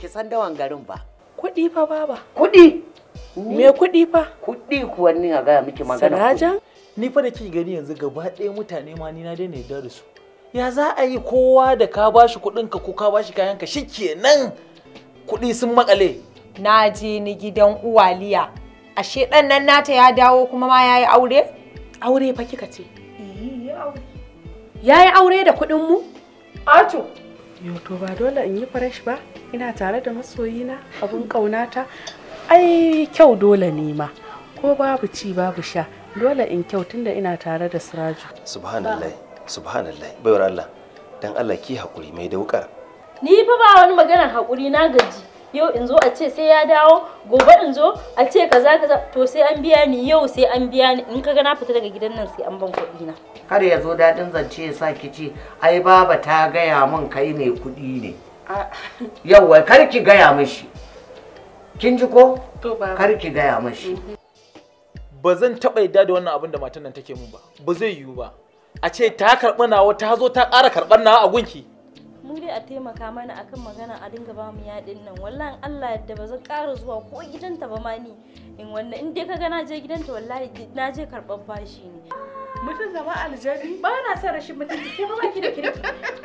Ki san dawan garin ba. Kuɗi fa baba. Kuɗi? Me kuɗi fa? Kuɗi kuwa ni a gaya miki magana. Sanajan? Ni fa da kike gani yanzu gaba ɗaya mutane ma ni na daina yarda da su. Ya za a yi kowa da ka bashi kuɗin ka ko ka bashi kayan ka shikenan kuɗi sun makale. Na je ni gidan uwaliya. Ashe ɗan nan nata ya dawo kuma ma ya yi aure? Aure fa kika ce. Ya yi aure da kuɗin mu? Ato. Yau to ba dole in yi fresh ba? ina tare da masoyina abin ƙaunata ai kyau dole ne ma ko babu ci babu sha dole in kyau tunda ina tare da siraju subhanallah subhanallah baiwar Allah dan Allah ki hakuri mai daukar ni fa ba wani maganar hakuri na gaji yau in zo a ce sai ya dawo gobe in zo a ce kaza kaza to sai an biya ni yau sai an biya ni in kaga na fita daga gidan nan sai an ban kuɗi na kar ya zo dadin zance ya sa ki ce ai baba ta gaya mun kai ne kuɗi ne Yawai kar ki gaya mishi. Kin ji ko? Kar ki gaya mishi. Ba zan taɓa yadda da wannan abin da matan nan take mun ba. Ba zai yiwu ba. A ce ta karɓi nawa ta zo ta ƙara karɓar nawa a gunki. mu dai a taimaka mana akan magana a dinga ba mu yaɗin nan wallahi Allah yadda ba zan ƙara zuwa ko gidanta ba ma ni in wannan in dai kaga na je gidanta wallahi na je karɓar bashi ne mutum zama aljabi ba na son rashin mutum ke ba ki da kirki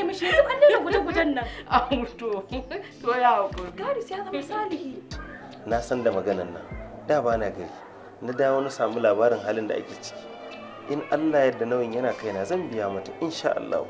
zai mishi yanzu an daina guje-gujen nan. A mutu, to ya haƙuri. Garis ya zama salihi. Na san da maganan nan, da ba na gari, na dawo na samu labarin halin da ake ciki. In Allah yadda nauyin yana kaina zan biya mata insha Allah.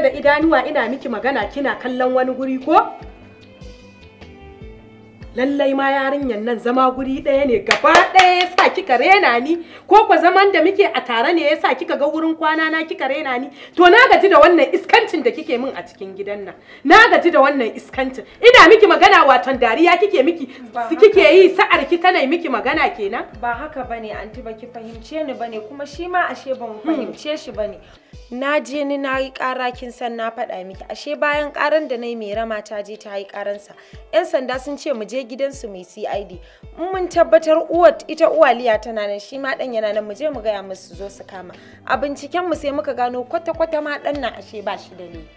lumshe da idanuwa ina miki magana kina kallon wani guri ko lallai ma yarinyar nan zama guri ɗaya ne gaba ɗaya ya sa kika rena ni ko ku zaman da muke a tare ne ya sa kika ga wurin kwana na kika rena ni to na gaji da wannan iskancin da kike min a cikin gidan nan na gaji da wannan iskancin ina miki magana waton dariya kike miki kike yi sa'ar ki tana miki magana kenan ba haka bane anti baki fahimce ni bane kuma shi ma ashe ban hmm. fahimce shi bane na je ni na yi ƙara kin san na faɗa miki ashe bayan ƙaran da nayi yi mai rama ta je ta yi ƙaransa yan sanda sun ce mu je gidansu mai cid mun tabbatar uwar ita uwaliya tana nan shi ma ɗan yana nan mu je mu gaya musu zo su kama a binciken mu sai muka gano kwata-kwata ma ɗan nan ashe ba shi da ni.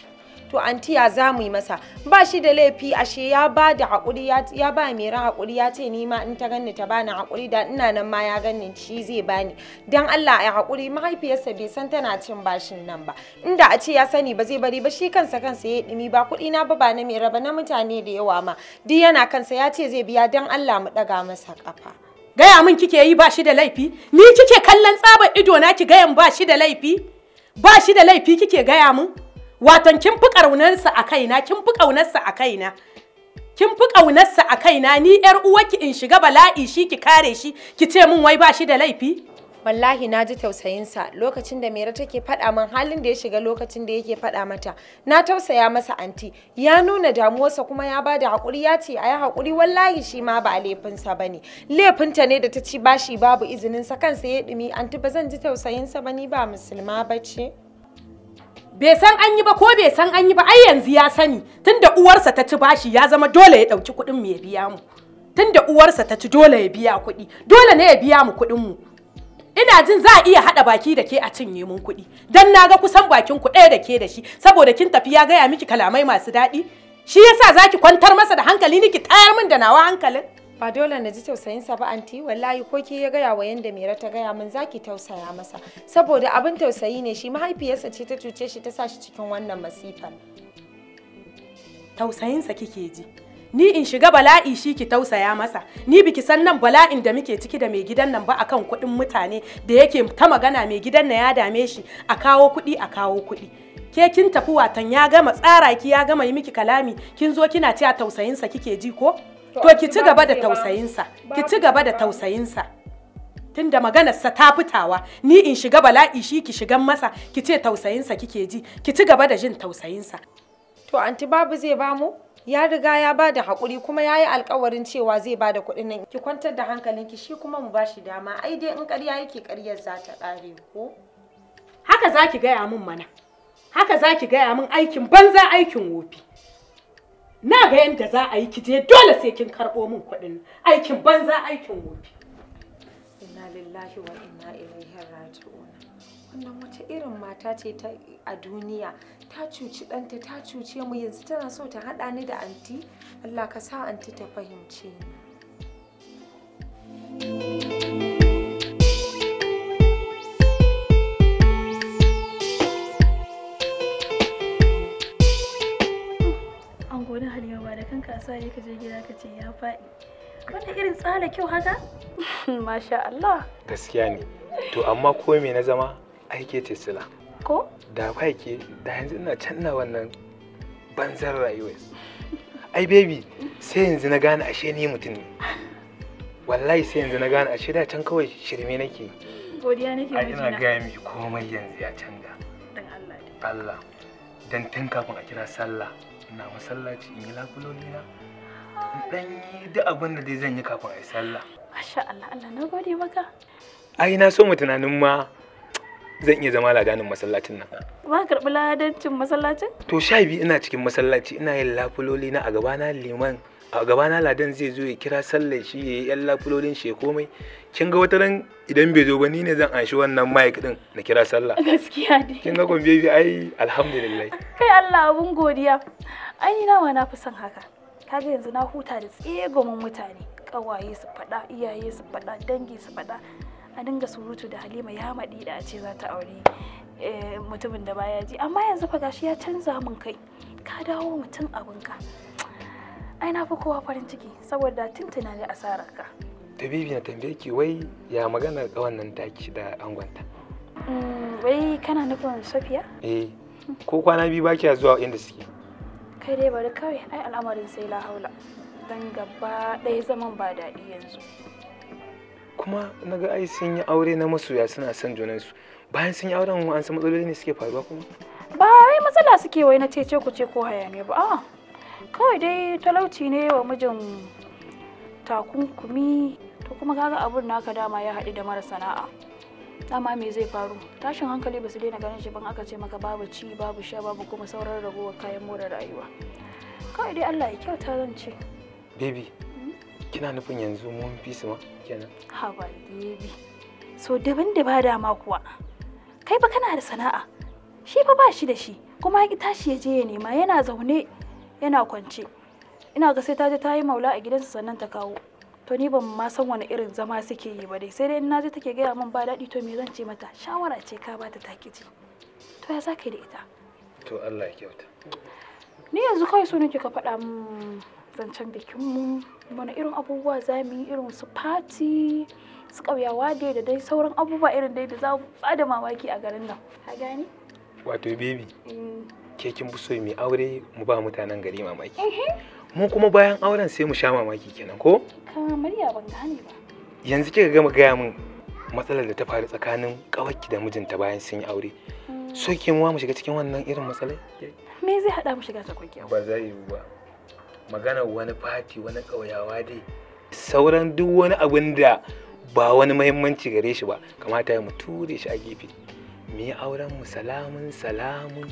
to antiya za mu yi masa ba shi da laifi ashe ya ba da haƙuri ya ba mera hakuri ya ce ni ma in ta ganni ta bani hakuri da ina nan ma ya ganni shi zai bani dan Allah ya hakuri mahaifiyarsa bai san tana cin bashin nan ba inda a ce ya sani ba zai bari ba shi kansa kansa ya dimi ba kuɗi na ba ba na mera ba na mutane da yawa ma duk yana kansa ya ce zai biya dan Allah mu daga masa kafa. gaya min kike yi ba shi da laifi ni kike kallon tsabar ido na ki gayan ba shi da laifi ba shi da laifi kike gaya min Watan kin fi ƙaunarsa a kaina, kin fi ƙaunarsa a kaina. Kin fi ƙaunarsa a kaina ni ƴar uwarki in shiga bala'i shi ki kare shi ki ce min wai ba shi da laifi. Wallahi na ji tausayinsa lokacin da Mera take faɗa min halin da ya shiga lokacin da yake faɗa mata. Na tausaya masa anti, ya nuna damuwarsa kuma ya bada haƙuri ya ce a yi haƙuri wallahi shi ma ba laifinsa ba ne. Laifinta ne da ta ci bashi babu izininsa kansa ya ɗumi anti ba zan ji tausayinsa ba ni ba musulma bace. bai san an yi ba ko bai san an yi ba ai yanzu ya sani tunda uwarsa ta ci bashi ya zama dole ya dauki kuɗin mu ya biya mu tunda uwarsa ta ci dole ya biya kuɗi dole ne ya biya mu kuɗin mu ina jin za a iya haɗa baki da ke a cinye mun kuɗi dan na ga kusan bakin ku ɗaya da ke da shi saboda kin tafi ya gaya miki kalamai masu daɗi shi yasa zaki kwantar masa da hankali niki tayar min da nawa hankalin ba dole na ji tausayinsa ba anti wallahi ko ki ya gaya wa yanda mera ta gaya min zaki tausaya masa saboda abin tausayi ne shi mahaifiyarsa ce ta cuce shi ta sa shi cikin wannan masifar tausayinsa kike ji ni in shiga bala'i shi ki tausaya masa ni biki san nan bala'in da muke ciki da mai gidan nan ba akan kuɗin mutane da yake ta magana mai gidan nan ya dame shi a kawo kuɗi a kawo kuɗi ke kin tafi watan ya gama tsara ki ya gama yi miki kalami kin zo kina cewa tausayinsa kike ji ko to ki ci gaba da tausayinsa ki ci gaba da tausayinsa tunda maganarsa ta fitawa ni in shiga bala'i shi ki shigan masa ki ce tausayinsa kike ji ki ci gaba da jin tausayinsa to anti babu zai bamu ya riga ya ba da haƙuri kuma ya yi alkawarin cewa zai ba da kuɗin nan ki kwantar da hankalinki shi kuma mu ba shi dama ai dai in ƙarya yake ƙaryar za ta ƙare ko haka za ki gaya min mana haka za ki gaya mun aikin banza aikin wofi na ga yadda za a yi kije, dole sai kin karɓo min kuɗin aikin banza aikin wofi inna lillahi wa inna ilaihi raji'un wannan wata irin mata ce ta a duniya ta cuci ɗanta ta cuce mu yanzu tana so ta haɗa ni da anti Allah ka sa anti ta fahimce ni ɗan kasuwa ne ka je gida ka ce ya faɗi wannan irin tsara kyau haka masha Allah gaskiya ne to amma ko me na zama aike ce sila ko da ba ke da yanzu ina canna wannan banzar rayuwa ai baby sai yanzu na gane ashe ni mutum ne wallahi sai yanzu na gane ashe da can kawai shirme nake godiya nake ai ina ga mi komai yanzu ya canza dan Allah Allah dan tun kafin a kira sallah ina masallaci in yi lakuloli na dan yi duk abin da zai zan yi kafin a yi sallah masha Allah Allah na gode maka ai na so mu tunanin ma zan iya zama ladanin masallacin nan ba karɓi ladancin masallacin to sha biyu ina cikin masallaci ina yin lakulolina na a gabana liman a gabana ladan zai zo ya kira sallar shi ya yi yan lafulolin shi komai kin ga wata ran idan bai zo ba ni ne zan anshi wannan mic din na kira sallah gaskiya ne kin ga bi ai alhamdulillah kai Allah abun godiya ai ni nawa na fi son haka ga yanzu na huta da tsegomin mutane kawaye su faɗa iyaye su faɗa dangi su faɗa a dinga surutu da halima ya maɗi da a ce za ta aure eh, mutumin da baya ji amma yanzu fa gashi ya canza mun kai ka dawo mutum abinka ai na fi kowa farin ciki saboda tuntuna ne asarar ka ta bibi na tambaye ki wai ya magana ga wannan taki da angonta mm, wai kana nufin safiya eh ko kwana biyu ba kiya zuwa inda suke kai dai bari kawai ai al'amarin sai la haula dan gaba ɗaya zaman ba daɗi yanzu kuma naga ai sun yi aure na masoya suna son junansu bayan sun yi auren an san matsaloli ne suke faruwa kuma ba wai matsala suke wai na cece ku ce ko hayaniya ba a'a kawai dai talauci ne wa mijin takunkumi to kuma kaga abun naka dama ya haɗu da mara sana'a dama me zai faru tashin hankali ba su daina ganin shi ban aka ce maka babu ci babu sha babu kuma sauran ragowar kayan more rayuwa kawai dai Allah ya kyauta zan ce baby hmm? kina nufin yanzu mun fi su ma kenan ha ba baby so daban da ba dama kuwa kai ba kana da sana'a shi fa ba shi da shi kuma ya tashi ya je ya nema yana zaune yana kwance ina ga sai ta je ta yi maula a gidansa sannan ta kawo to ni ban ma san wani irin zama suke yi ba dai sai dai in je take gaya min ba daɗi to me zan ce mata shawara ce ka ba ta taki to ya zaka da ita to Allah ya kyauta ni yanzu kawai so nake ka faɗa min zancen bikin mu wani irin abubuwa za mu yi irin su fati su ƙauyawa dai da dai sauran abubuwa irin dai da za mu bada mamaki a garin nan ka gane wato baby eh. ke kin so mai aure mu ba mutanen gari mamaki mu kuma bayan auren sai mu sha mamaki kenan ko kamar ban gane ba yanzu kika gama gaya min matsalar da ta faru tsakanin kawarki da mijinta bayan sun yi aure hmm. so ke mu mu shiga cikin wannan irin matsalar? me zai hada mu shiga cikin tsakoki ba zai yi ba magana wani fati wani kauyawa dai sauran duk wani abin da ba wani muhimmanci gare shi ba kamata ya mu ture shi a gefe mu auren mu salamun salamun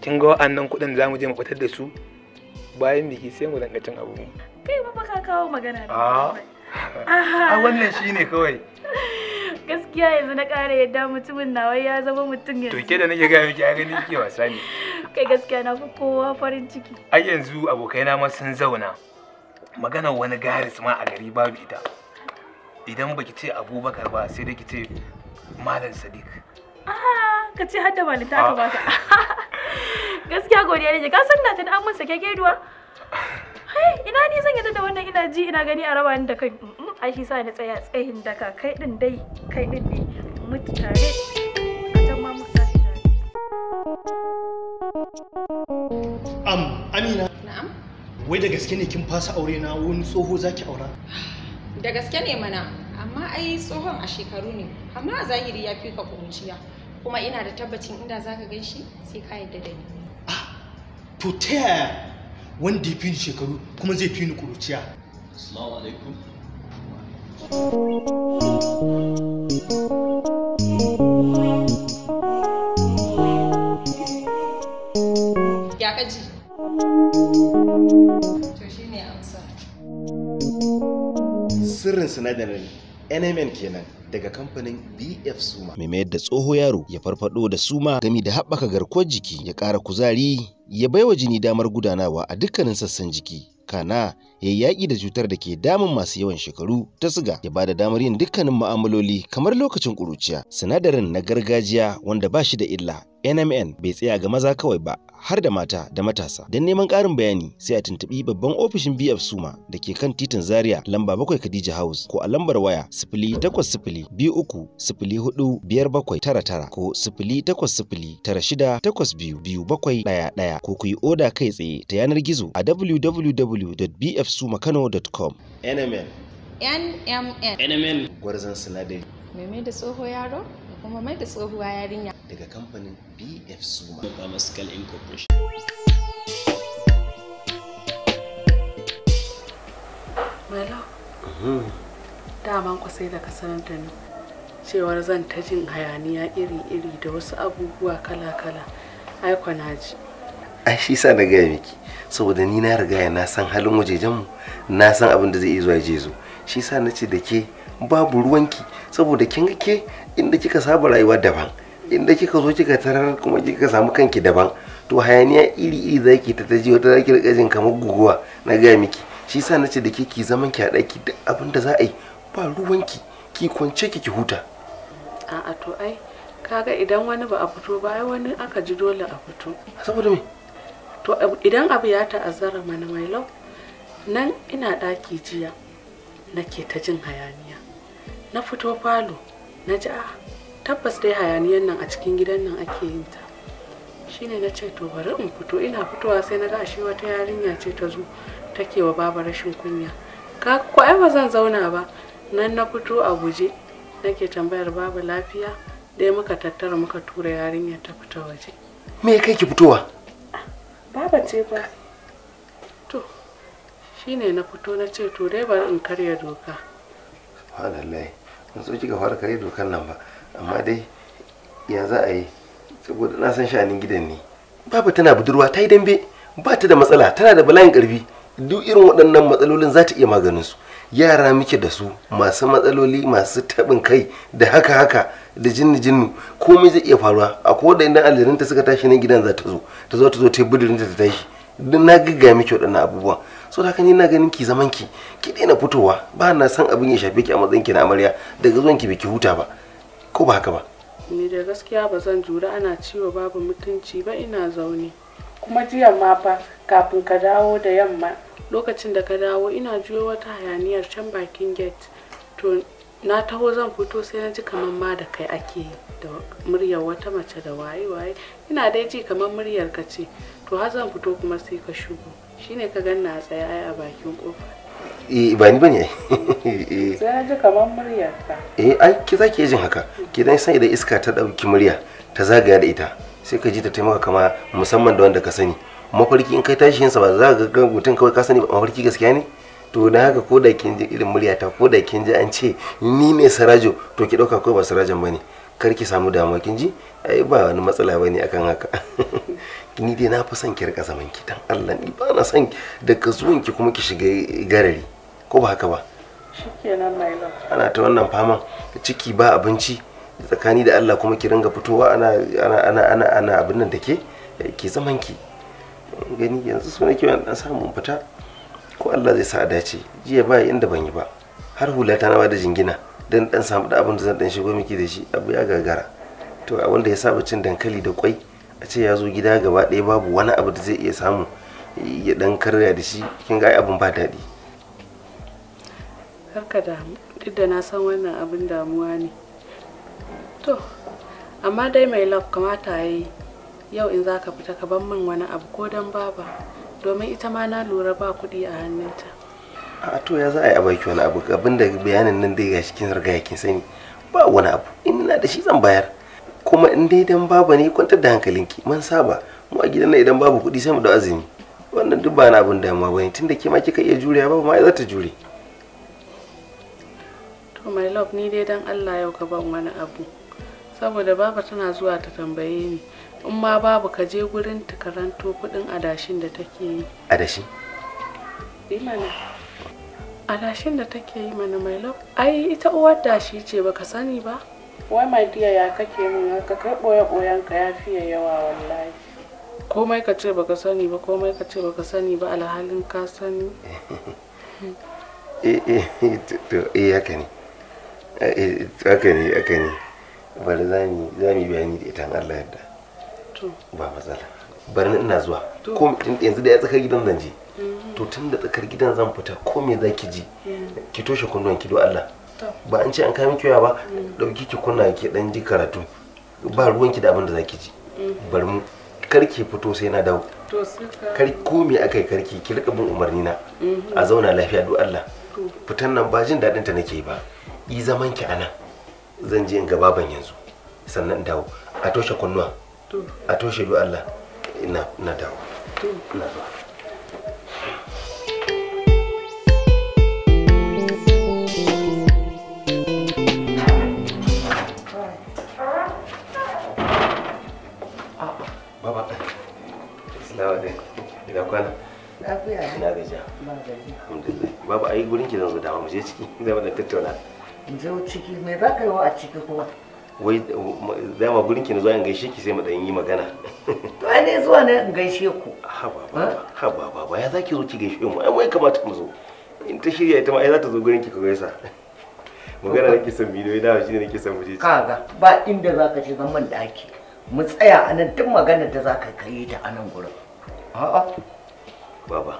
kin ga wa'annan kuɗin za mu je mu fitar da su bayan biki sai mu dinga cin abu kai ba ka kawo magana da ah. a wannan shine kawai gaskiya yanzu na ƙara yadda mutumin na wai ya zama mutum yanzu to ke da nake ga miki a gani kike wasa ne kai gaskiya na fi kowa farin ciki ai yanzu abokaina ma sun zauna maganar wani garis ma a gari babu ita idan baki ce abubakar ba sai da ki ce malam sadiq Ah, ka ce hadda ba ta ka ah. baka gaskiya godiya ne ka san da tun an mun sake geduwa ina ni zan yadda da wannan ina ji ina gani a raba da kai ai shi sa ni tsaya tsayin daka kai din dai kai din ne mutu tare a can ma tare am amina na'am wai da gaske ne kin fasa aure na wani tsoho zaki aura da gaske ne mana amma ai tsohon a shekaru ne amma a zahiri ya fi ka kuruciya kuma ina da tabbacin inda za ka gan shi sai ka yadda da ni ah, to ta yaya wanda ya fi ni shekaru kuma zai fi ni kuruciya sirrin sinadarin enemen kenan daga kamfanin BF Suma. Mai mayar da tsoho yaro ya farfado da Suma gami da haɓaka garkuwar jiki ya ƙara kuzari ya baiwa jini damar gudanawa a dukkanin sassan jiki. Kana ya yi yaƙi da cutar da ke damun masu yawan shekaru ta siga ya bada damar yin dukkanin ma'amaloli kamar lokacin ƙuruciya. Sinadarin na gargajiya wanda ba shi da illa NMN bai tsaya ga maza kawai ba har da mata da matasa. Don neman ƙarin bayani sai a tuntuɓi babban ofishin BF Suma da ke kan titin Zaria lamba bakwai Khadija House ko a lambar waya sifili takwas biyu uku hudu biyar ko sifili ko ku yi oda kai tsaye ta yanar gizo a www.bfsumakano.com. NMN. NMN. NMN. Gwarzon sinadari. Meme da tsoho yaro? kuma mai da tsohuwa yarinya daga kamfanin bf suma pharmaceutical incorporation Melo, daman ku da ka da ni cewar zan ta jin hayaniya iri-iri da wasu abubuwa kala-kala aiko na ji. Ai shi sa na gaya miki saboda ni na riga na san halin wajejenmu na san abin da zai iya zuwa je zo shi sa na ce da ke babu ruwanki saboda kin ke inda kika saba rayuwa daban inda kika zo kika tarar kuma kika samu kanki daban to hayaniya iri iri zaki ta taji wata zaki rika jin kamar guguwa na ga miki shi yasa nace da kike zaman ki a daki duk abin da za a yi ba ruwanki ki kwance ki ki huta a'a to ai kaga idan wani ba a fito ba ai wani aka ji dole a fito saboda me to idan abu ya ta'azzara mana mai lau nan ina daki jiya nake ta jin hayaniya na fito falo na ji a ah, tabbas dai hayaniyar nan a cikin gidan nan ake yin ta shine na ce to bari in fito ina fitowa sai na ga ashe wata yarinya ce ta zo take wa baba rashin kunya ka ko ai ba zan zauna ba nan na fito a guje nake tambayar babu lafiya dai muka tattara muka tura yarinyar ta fita waje me ya kai ki fitowa baba ce ba to shine na fito na ce to dai bari in karya doka subhanallah in so kika fara kare dokan nan ba amma dai ya za a yi saboda na san shanin gidan ne babu tana budurwa ta yi dambe ba ta da matsala tana da bala'in karfi duk irin waɗannan matsalolin za ta iya maganin su yara muke da su masu matsaloli masu taɓin kai da haka haka da jinni jinnu komai zai iya faruwa a ko da idan ta suka tashi nan gidan za ta zo ta zo ta zo ta yi budurinta ta tashi duk na gaggaya miki waɗannan abubuwan so da ni na ganin ki zaman ki ki daina fitowa ba na san abin ya shafe ki a matsayin ki na amarya daga zuwan ki biki huta ba ko ba haka ba ni da gaskiya ba zan jura ana ciwo babu mutunci ba ina zaune kuma jiya ma fa kafin ka dawo da yamma lokacin da ka dawo ina jiyo wata hayaniyar can bakin gate to na taho zan fito sai na ji kamar ma da kai ake da muryar wata mace da waye waye ina dai ji kamar muryar ka ce to har zan fito kuma sai ka shigo shine ka ganna a tsaye ai a bakin kofa eh ba ni bane eh. sai na ji kamar murya ta eh ai ki zaki jin haka ki dan san idan iska ta dauki murya ta zagaya da ita sai ka ji ta taimaka kama musamman da wanda ka sani mafarki in kai tashin sa ba za ka ga mutum kawai ka sani ba gaskiya ne to na haka ko da kin ji irin muryata ko da kin ji an ce ni ne sarajo to ki dauka kawai ba sarajan bane kar ki samu damuwa kin ji ai ba wani matsala ba ne akan haka ni dai na fi son ki rika zaman ki dan Allah ni ba na son daga zuwan ki kuma ki shiga garari ko ba haka ba shikenan mai ana ta wannan faman ciki ba abinci tsakani da Allah kuma ki ringa fitowa ana ana ana ana ana abin nan da ke eh, ki zaman ki gani yanzu so nake wannan dan samun fita ko Allah zai sa dace jiya ba inda ban yi ba har hulata na ba da jingina dan dan samu da abin da zan dan shigo miki da shi abu ya gagara to a wanda ya saba cin dankali da kwai a ce ya zo gida gaba ɗaya babu wani abu da zai iya samu ya dan karya da shi kin ga abin ba daɗi karka da duk da na san wannan abin damuwa ne to amma dai mai love kamata ya yi yau in za ka fita ka ban min wani abu ko dan baba domin ita ma na lura ba kuɗi a hannunta a to ya za a yi a baki wani abu abin da bayanin nan dai gashi kin riga kin sani ba wani abu in na da shi zan bayar kuma in dai dan babu ne kwantar da hankalinki man saba mu a gidan nan idan babu kuɗi sai mu da azumi wannan duk ba na abin damuwa bane tunda ke ma kika iya jurewa ba ma za ta jure to my love ni dai dan Allah yau ka ban wani abu saboda baba tana zuwa ta tambaye ni in ma babu ka je gurin ta karanto kuɗin adashin da take yi adashi mana adashin da take yi mana my love ai ita uwar dashi ce baka sani ba wai mai ya kake min haka kai boye boyen ka ya fiye yawa wallahi komai ka ce baka sani ba komai ka ce baka sani ba alhalin ka sani eh eh to eh haka ne eh, eh haka ne haka ne bari za mu bayani da ita Allah yadda to ba matsala bari ina zuwa ko yanzu da ya tsakar gidan zan je to tun da tsakar gidan zan fita ko me zaki ji mm. ki toshe kunnuwan ki do Allah ba an ce an kawo miki ba dauki ki kunna ki dan ji karatu ba ruwan ki da abin da zaki ji mm. bari mu karki fito sai na dawo kar ko me akai karki ki rika bin umarni na mm-hmm. a zauna lafiya do Allah fitan nan ba jin dadin ta nake ba yi zaman ki anan zan je in ga baban yanzu sannan dawo a toshe kunnuwa a toshe do Allah ina na dawo ina dawo kwana lafiya ina gajiya alhamdulillah babu ai gurin ki zan zo dama mu je ciki zama dan tattauna mu je ciki me za ka yi a ciki kuma wai dama gurin ki na zo in gaishe ki sai mu dan yi magana to ai ne zuwa ne in gaishe ku ha baba ha baba ya zaki zo ki gaishe mu ai wai kamata mu zo in ta shirya ita ma ai za ta zo gurin ki ka gaisa magana nake son bidiyo da shi ne nake son mu je kaga ba inda zaka je zaman daki mu tsaya anan duk magana da za ka kai ta anan gurin a'a baba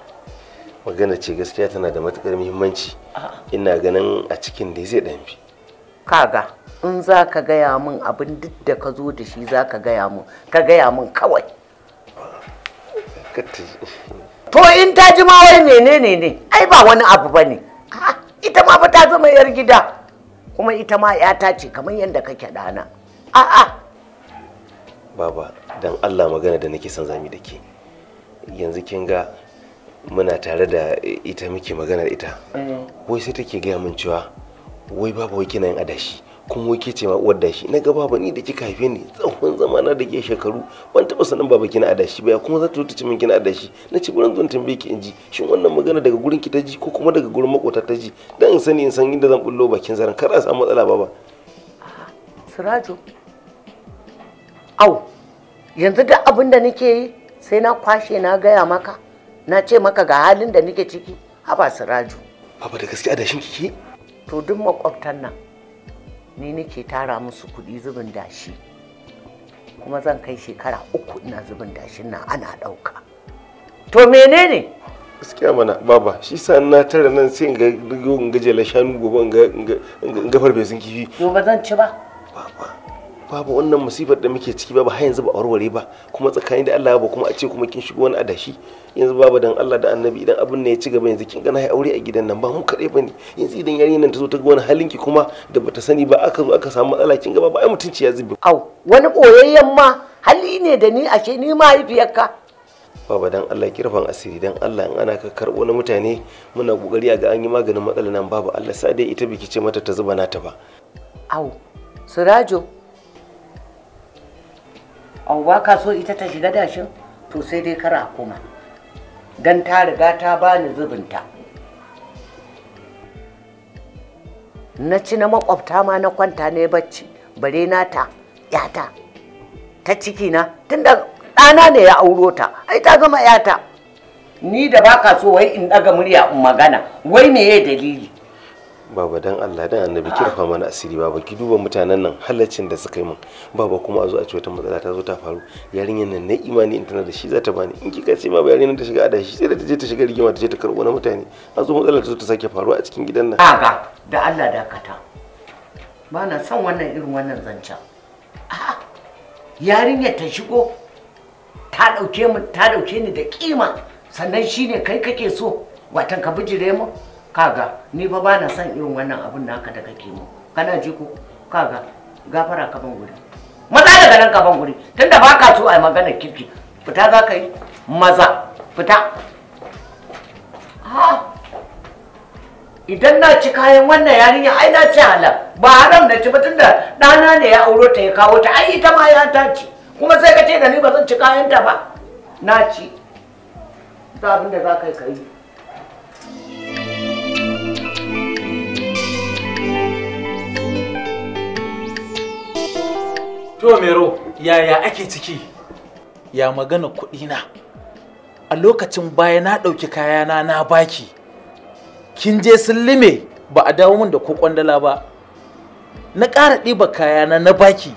magana ce gaskiya tana da matukar muhimmanci ina ganin a cikin da zai ɗanfi kaga in za ka gaya min abin duk da ka zo da shi za ka gaya min ka gaya min kawai to in ta ji ma wai menene ne ai ba wani abu ba ne ah, ita ma ba ta zama yar gida kuma ita ma 'ya ta ce kamar yadda kake ɗana a'a baba dan allah magana da nake son zami da ke yanzu kin ga muna tare da ita muke magana da ita mm. wai sai take gaya min cewa wai babu wai kina yin adashi kuma wai ke ce ma uwar dashi na ga ba ni da kika haife ni tsawon zamana da ke shekaru ban taba sanin baba kina adashi ba ya kuma za ta wuce min kina adashi na ci gurin zuwan tambaye ki in ji shin wannan magana daga gurin ki ta ji ko kuma daga gurin makota ta ji dan in sani in san inda zan bullo bakin zaran kar a samu matsala baba sirajo au yanzu da abin da nake yi sai na kwashe na gaya maka na ce maka ga halin da nike ciki haba raju. baba da gaskiya dashin kike to duk makwabtan nan ni nike tara musu kuɗi zubin dashi kuma zan kai shekara uku ina zubin dashin nan ana ɗauka to menene gaskiya mana baba shi sa na tara nan sai ga la shanu gobe in ga sun kifi to ba zan ci ba baba babu wannan musibar da muke ciki babu har yanzu ba warware ba kuma tsakani da Allah ba kuma a ce kuma kin shigo wani adashi yanzu babu dan Allah da Annabi idan abin ne ya ci gaba yanzu kin gana hai aure a gidan nan ba mu kadai bane yanzu idan yarinyar nan ta zo ta ga wani halin ki kuma da bata sani ba aka zo aka samu matsala kin gaba ba ai mutunci ya zube au wani koyayyen ma hali ne da ni ashe ni mahaifiyarka baba dan Allah kirfan asiri dan Allah in ana ka karbo na mutane muna kokari a ga an yi maganin matsalar nan babu Allah sai dai ita biki ce mata ta zuba nata ba au surajo anguwa ka so ita ta shiga dashin to sai dai kara koma don ta riga ta bani zubinta na ci na makwabta ma na kwanta ne bacci bare ta yata ta ciki na tunda ɗana ne ya auro ta ai ta gama yata ni da baka so wai in ɗaga murya in magana wai me ya dalili baba dan Allah dan annabi kirfa mana asiri baba ki duba mutanen nan halaccin da suka yi min baba kuma a zo a ce wata matsala ta zo ta faru yarinyar nan na imani in tana da shi za ta bani in kika ce baba yarinyar ta shiga adashi sai da ta je ta shiga rigima ta je ta karbo na mutane a zo matsalar ta zo ta sake faruwa a cikin gidan nan kaga da Allah dakata ba na son wannan irin wannan zancen yarinyar ta shigo ta dauke mu ta dauke ni da kima sannan shine kai kake so watan ka bijire mu kaga ni fa ba na son irin wannan abun naka da kake mu kana ji ko kaga gafara ka ban guri maza daga nan ka ban guri tunda ba ka so a magana kirki fita za ka yi maza fita ha idan na ci kayan wannan yarinya ai na ci halal ba haram na ci ba tunda ɗana ne ya auro ta ya kawo ta ai ita ma ya ta ci kuma sai ka ce da ni ba zan ci kayan ta ba na ci ta abin da za ka yi ka yi To Mero, yaya ake ciki? Ya magana kuɗi na. A lokacin baya na ɗauki kayana na baki. Kin je sun lime ba a dawo min da ko kwandala ba. Na ƙara ɗiba kayana na baki.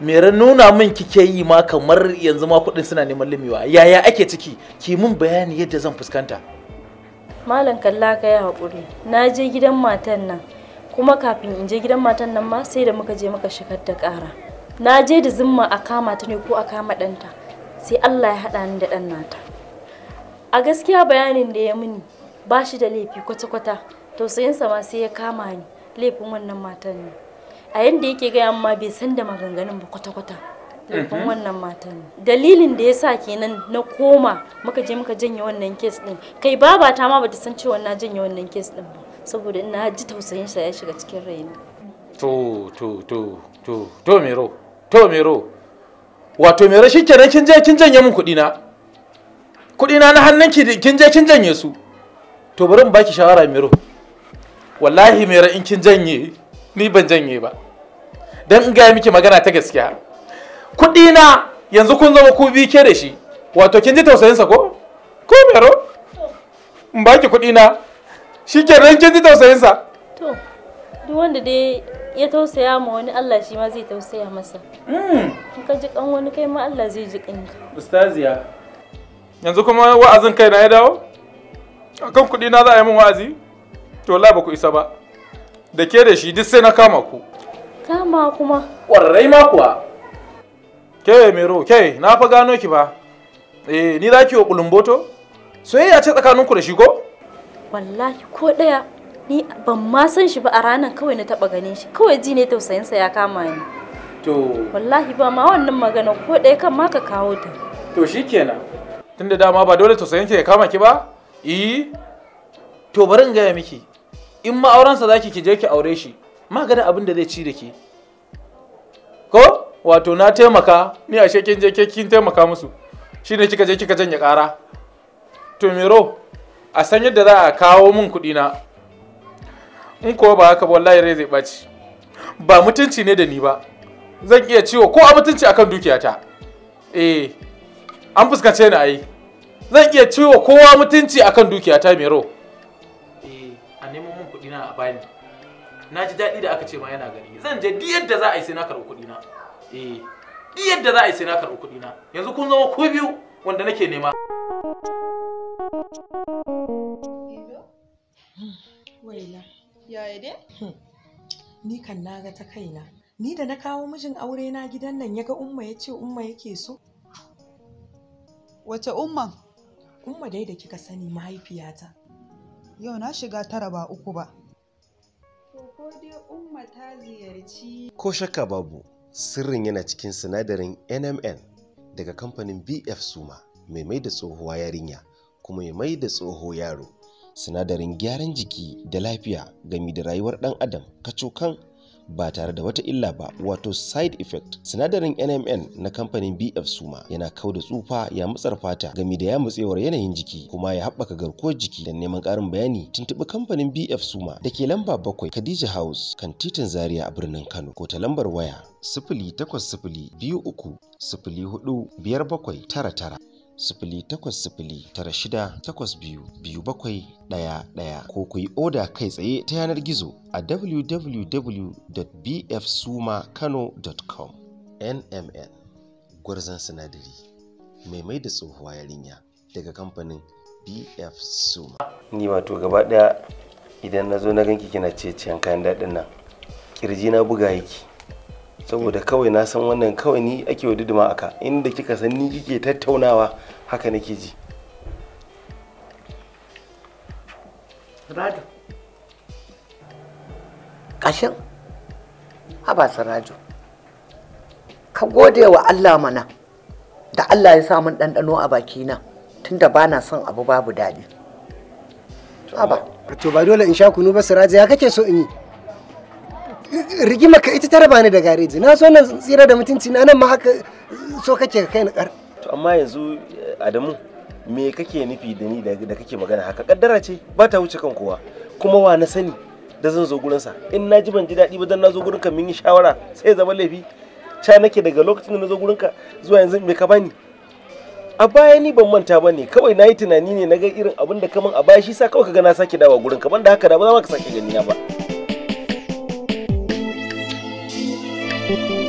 Mero nuna min kike yi ma kamar yanzu ma kuɗin suna neman limewa. Yaya ake ciki? Ki min bayani yadda zan fuskanta. Malam kalla ka yi haƙuri. Na je gidan matan nan. kuma kafin in je gidan matan nan ma sai da muka je muka shigar da ƙara. na je da zimma a kama ta ne ko a kama ɗanta sai Allah ya haɗa ni da ɗan nata a gaskiya bayanin da ya mini ba shi da laifi kwata-kwata tausayinsa ma sai ya kama ni laifin wannan matan ne a yadda yake gaya amma bai san da maganganun ba kwata-kwata laifin mhm. wannan matan ne dalilin da ya sa kenan na koma muka je muka janye wannan kes din kai babata ma bata san cewa na janye wannan kes din ba saboda ina ji tausayinsa ya shiga cikin raina to to to to to mero to mero wato mero shi kenan kin je kin janye min Kudina na kuɗi na na hannunki kin je kin janye su to bari in baki shawara mero wallahi mero in kin janye ni ban janye ba dan in gaya miki magana ta gaskiya Kudina na yanzu kun zama ku bi ke da shi wato kin ji tausayinsa ko ko mero in baki kudina? na shi kenan kin ji tausayinsa to duk wanda dai ya tausaya ma wani Allah shi ma zai tausaya masa hmm. in ka ji kan wani kai ma Allah zai ji kanka ustaziya yanzu kuma wa'azin kai na ya dawo akan kuɗi na za a yi min wa'azi to la ba ku isa ba da ke da shi duk sai na kama ku kama kuma ƙwararrai ma kuwa ke mero ke na fa gano ki ba eh ni za ki wa kulumboto soyayya ce tsakaninku da shi ko wallahi ko ɗaya ni ban ma san shi ba a ranar kawai na taba ganin shi kawai ji ne tausayinsa ya kama ni to wallahi ba ma wannan magana ko ɗaya kan ma ka kawo ta to shikenan tunda dama ba dole tausayin ki ya kama ki ba eh to bari in gaya miki in ma aurensa zaki ki je ki aure shi maganin abin da zai ci da ke ko wato na taimaka ni ashe kin je ke kin taimaka musu shine kika je kika janye ƙara to mero a san yadda za a kawo min kuɗi na in kuwa ba haka wallahi rai zai ɓaci ba mutunci ne da ni ba zan iya ciwo ko a mutunci akan dukiyata eh an fuskace ni ai zan iya ciwo kowa mutunci akan dukiyata mero eh a neman mun kudi na a bani na ji daɗi da aka ce ma yana gani zan je duk yadda za a yi sai na karɓi kuɗi na eh duk yadda za a yi sai na karɓi kuɗi na yanzu kun zama ko biyu wanda nake nema hmm, Waila. Yaya dai? Hmm. Ni kan na ga ta kaina. Ni da na kawo mijin aure na gidan nan ya ga umma ya ce umma yake so. Wace umman? Umma dai da kika sani mahaifiyata. Yau na shiga tara ba uku ba. ko dai umma ta ziyarci. Ko shakka babu sirrin yana cikin sinadarin NMN daga kamfanin BF Suma mai mai da tsohuwa yarinya kuma mai mai da tsoho yaro. sinadarin gyaran jiki da lafiya gami da rayuwar ɗan adam kacokan ba tare da wata illa ba wato side effect sinadarin nmn na kamfanin bf suma yana kau da tsufa ya matsar fata gami da ya mutsewar yanayin jiki kuma ya haɓaka garkuwar jiki da neman ƙarin bayani tuntuɓi kamfanin bf suma da ke lamba bakwai khadija house kan titin zaria a birnin kano ko ta lambar waya sifili takwas sifili biyu uku sifili hudu biyar bakwai tara tara sifili takwas sifili tara shida takwas biyu biyu bakwai ɗaya ɗaya ko ku oda kai tsaye ta yanar gizo a www.bfsumakano.com nmn gwarzon sinadari mai mai da tsohuwa yarinya daga kamfanin bf suma ni wato gaba ɗaya idan na zo na ganki kina ce kayan daɗin nan kirji na buga yake saboda kawai na san wannan kawai ni ake wa diduma aka inda kika san ni kike tattaunawa haka nake ji radu kashin habasa rado ka gode wa allah mana da allah ya samun ɗanɗano a bakina tunda ba na son abu babu daɗi. haba To ba dole in sha kunu ba siraji ya kake so in yi? rigima ka ita ta rabani da gareji na so nan tsira da mutunci na nan ma haka so kake ka kai na kar to amma yanzu Adamu me kake nufi da ni da kake magana haka kaddara ce ba ta wuce kan kowa kuma wa na sani da zan zo gurin sa in na ji ban ji daɗi ba dan na zo gurin ka mun yi shawara sai zama laifi ca nake daga lokacin da na zo gurin ka zuwa yanzu me ka bani a baya ni ban manta ba ne kawai na yi tunani ne na ga irin abin da kaman a baya shi sa kawai ka ga na sake dawa gurin ka da haka da ba za ka sake gani na ba Thank you.